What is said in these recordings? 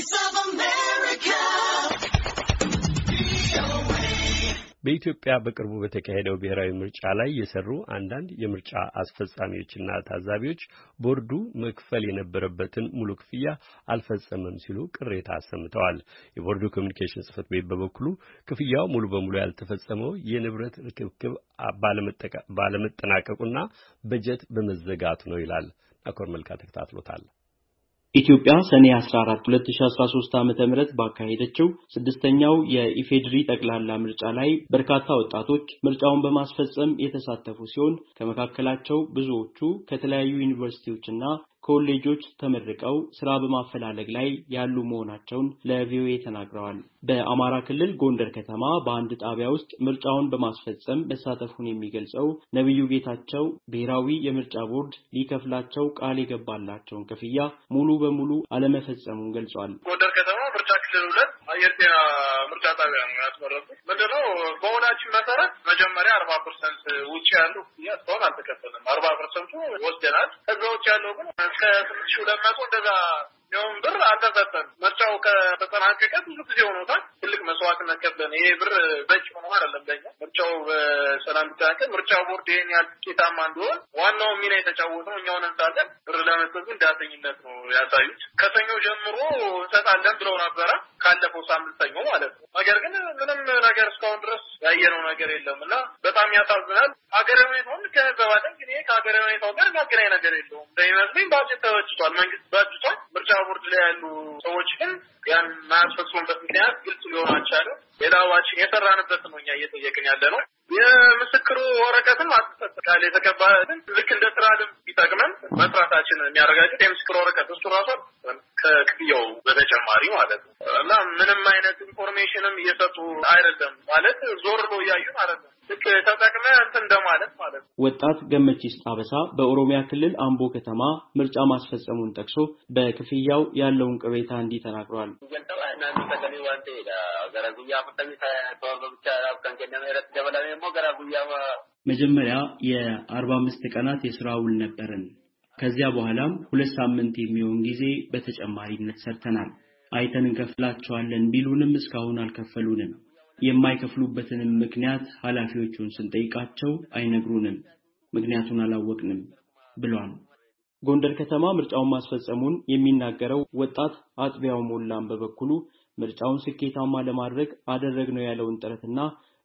Voice of America. በኢትዮጵያ በቅርቡ በተካሄደው ብሔራዊ ምርጫ ላይ የሰሩ አንዳንድ የምርጫ አስፈጻሚዎችና ታዛቢዎች ቦርዱ መክፈል የነበረበትን ሙሉ ክፍያ አልፈጸመም ሲሉ ቅሬታ አሰምተዋል። የቦርዱ ኮሚኒኬሽን ጽሕፈት ቤት በበኩሉ ክፍያው ሙሉ በሙሉ ያልተፈጸመው የንብረት ርክብክብ ባለመጠናቀቁና በጀት በመዘጋቱ ነው ይላል። አኮር መልካ ተከታትሎታል። ኢትዮጵያ ሰኔ 14 2013 ዓ.ም ባካሄደችው ስድስተኛው የኢፌዴሪ ጠቅላላ ምርጫ ላይ በርካታ ወጣቶች ምርጫውን በማስፈጸም የተሳተፉ ሲሆን ከመካከላቸው ብዙዎቹ ከተለያዩ ዩኒቨርሲቲዎችና ኮሌጆች ተመርቀው ስራ በማፈላለግ ላይ ያሉ መሆናቸውን ለቪኦኤ ተናግረዋል። በአማራ ክልል ጎንደር ከተማ በአንድ ጣቢያ ውስጥ ምርጫውን በማስፈጸም መሳተፉን የሚገልጸው ነቢዩ ጌታቸው ብሔራዊ የምርጫ ቦርድ ሊከፍላቸው ቃል የገባላቸውን ክፍያ ሙሉ በሙሉ አለመፈጸሙን ገልጿል። ጎንደር ከተማ ምርጫ ክልል ሁለት አየር ምርጫ ጣቢያ ነው ያስመረቁት። ምንድነው በሆናችን መሰረት መጀመሪያ አርባ ፐርሰንት ውጭ ያሉ እስካሁን አልተከፈለም። አርባ ፐርሰንቱ ወስደናል። ከዛ ውጭ ያለው ግን እስከ ስምንት ሺህ ሁለት መቶ እንደዛ ይሁን ብር አልተሰጠን። ምርጫው ከተጠናቀቀ ብዙ ጊዜ ሆኖታል። ትልቅ መስዋዕትነት ከፍለን ይሄ ብር በጭ ሆኖ አይደለም ለኛ። ምርጫው በሰላም ቢጠናቀ ምርጫው ቦርድ ይሄን ያህል ውጤታማ እንደሆን ዋናው ሚና የተጫወተው እኛውን እንሳለን ብር ለመስጠቱ እንዳያሰኝነት ነው ያሳዩት። ከሰኞ ጀምሮ እንሰጣለን ብለው ነበረ ካለፈው ሳምንት ሰኞ ማለት ነው። ነገር ግን ምንም ነገር እስካሁን ድረስ ያየነው ነገር የለም እና በጣም ያሳዝናል። ሀገራዊ ሁኔታውን እንገነዘባለን፣ ግን ይሄ ከሀገራዊ ሁኔታው ጋር የሚያገናኝ ነገር የለውም። እንደሚመስለኝ ባጀት ተበጅቷል፣ መንግስት በጅቷል። ምርጫ ቦርድ ላይ ያሉ ሰዎች ግን ያን ማያስፈጽሙበት ምክንያት ግልጽ ሊሆን አልቻለም። ሌላዋችን የሰራንበት ነው እኛ እየጠየቅን ያለ ነው። የምስክሩ ወረቀትም ቃል የተቀባ ልክ እንደ ስራ ልምድ ቢጠቅመን መስራታችን የሚያረጋግጥ የምስክር ወረቀት እሱ ራሱ ከክፍያው በተጨማሪ ማለት ነው እና ምንም አይነት ኢንፎርሜሽንም እየሰጡ አይደለም ማለት ዞር ብሎ እያዩ ማለት ነው ልክ ተጠቅመ እንትን እንደማለት ማለት ነው። ወጣት ገመቺስ ጣበሳ በኦሮሚያ ክልል አምቦ ከተማ ምርጫ ማስፈጸሙን ጠቅሶ በክፍያው ያለውን ቅሬታ እንዲህ ተናግሯል። መጀመሪያ የአርባ አምስት ቀናት የስራ ውል ነበረን ከዚያ በኋላም ሁለት ሳምንት የሚሆን ጊዜ በተጨማሪነት ሰርተናል። አይተን እንከፍላቸዋለን ቢሉንም እስካሁን አልከፈሉንም። የማይከፍሉበትንም ምክንያት ኃላፊዎቹን ስንጠይቃቸው አይነግሩንም፣ ምክንያቱን አላወቅንም ብሏል። ጎንደር ከተማ ምርጫውን ማስፈጸሙን የሚናገረው ወጣት አጥቢያው ሞላም በበኩሉ ምርጫውን ስኬታማ ለማድረግ አደረግነው ያለውን ጥረትና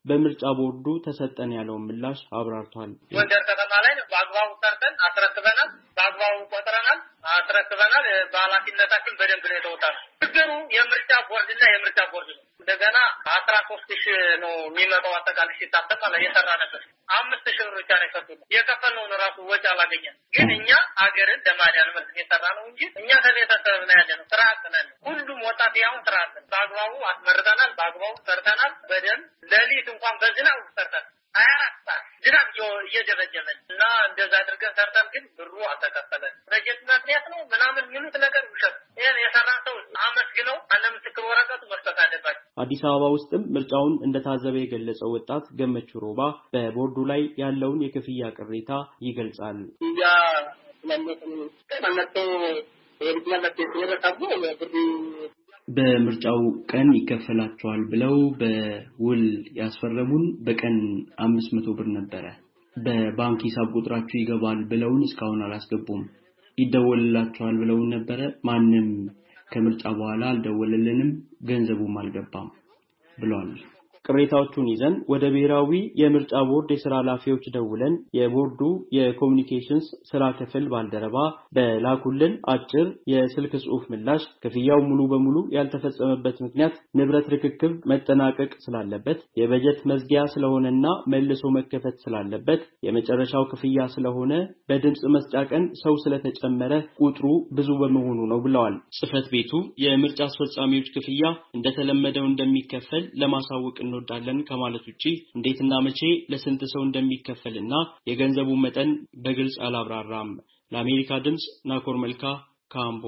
በምርጫ ቦርዱ ተሰጠን ያለውን ምላሽ አብራርቷል። ጎንደር ከተማ ላይ በአግባቡ ሰርተን አስረክበናል። በአግባቡ ቆጥረናል፣ አስረክበናል። በኃላፊነታችን በደንብ ነው የተወጣ ነው። ነገሩ የምርጫ ቦርድ እና የምርጫ ቦርድ ነው። እንደገና ከአስራ ሶስት ሺ ነው የሚመጣው አጠቃላይ ሲታጠቃ ላይ የሰራ ነበር አምስት ሺ ብር ብቻ ነው የሰጡ የከፈልነውን ራሱ ወጪ አላገኘን። ግን እኛ አገርን ለማዳን መልክ የሰራ ነው እንጂ እኛ ከቤተሰብ ነው ያለ ነው። ስራ አጥነን ሁሉም ወጣት ያሁን ስራ አጥነን በአግባቡ አስመርጠናል። በአግባቡ ሰርተናል። በደንብ ሌሊት እንኳን በዝናብ ሰርተናል። ሀያ አራት ሰዓት ዝናብ እየደበደበን እና እንደዛ አድርገን ሰርተን ግን ብሩ አልተከፈለን። በጀት ምክንያት ነው ምናምን ምኑት ነገር ውሸት ይህን የሰራ የሚያስወግነው አንድ ምስክር ወረቀት መስጠት አለባቸው። አዲስ አበባ ውስጥም ምርጫውን እንደታዘበ የገለጸው ወጣት ገመቹ ሮባ በቦርዱ ላይ ያለውን የክፍያ ቅሬታ ይገልጻል። በምርጫው ቀን ይከፈላቸዋል ብለው በውል ያስፈረሙን በቀን አምስት መቶ ብር ነበረ። በባንክ ሂሳብ ቁጥራችሁ ይገባል ብለውን እስካሁን አላስገቡም። ይደወልላቸዋል ብለውን ነበረ ማንም ከምርጫ በኋላ አልደወለልንም፣ ገንዘቡም አልገባም ብሏል። ቅሬታዎቹን ይዘን ወደ ብሔራዊ የምርጫ ቦርድ የስራ ኃላፊዎች ደውለን የቦርዱ የኮሚኒኬሽንስ ስራ ክፍል ባልደረባ በላኩልን አጭር የስልክ ጽሑፍ ምላሽ ክፍያው ሙሉ በሙሉ ያልተፈጸመበት ምክንያት ንብረት ርክክብ መጠናቀቅ ስላለበት፣ የበጀት መዝጊያ ስለሆነና መልሶ መከፈት ስላለበት፣ የመጨረሻው ክፍያ ስለሆነ፣ በድምፅ መስጫ ቀን ሰው ስለተጨመረ ቁጥሩ ብዙ በመሆኑ ነው ብለዋል። ጽህፈት ቤቱ የምርጫ አስፈጻሚዎች ክፍያ እንደተለመደው እንደሚከፈል ለማሳወቅ እንወዳለን ከማለት ውጪ እንዴትና መቼ ለስንት ሰው እንደሚከፈል እና የገንዘቡ መጠን በግልጽ አላብራራም። ለአሜሪካ ድምፅ ናኮር መልካ ካምቦ